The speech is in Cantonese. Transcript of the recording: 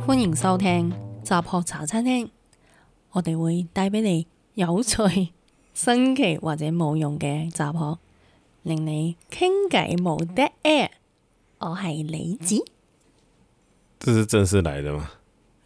歡迎收聽雜學茶餐廳，我哋會帶俾你有趣、新奇或者冇用嘅雜學，令你傾偈冇得 air。我係梨子，這是正式嚟的嗎？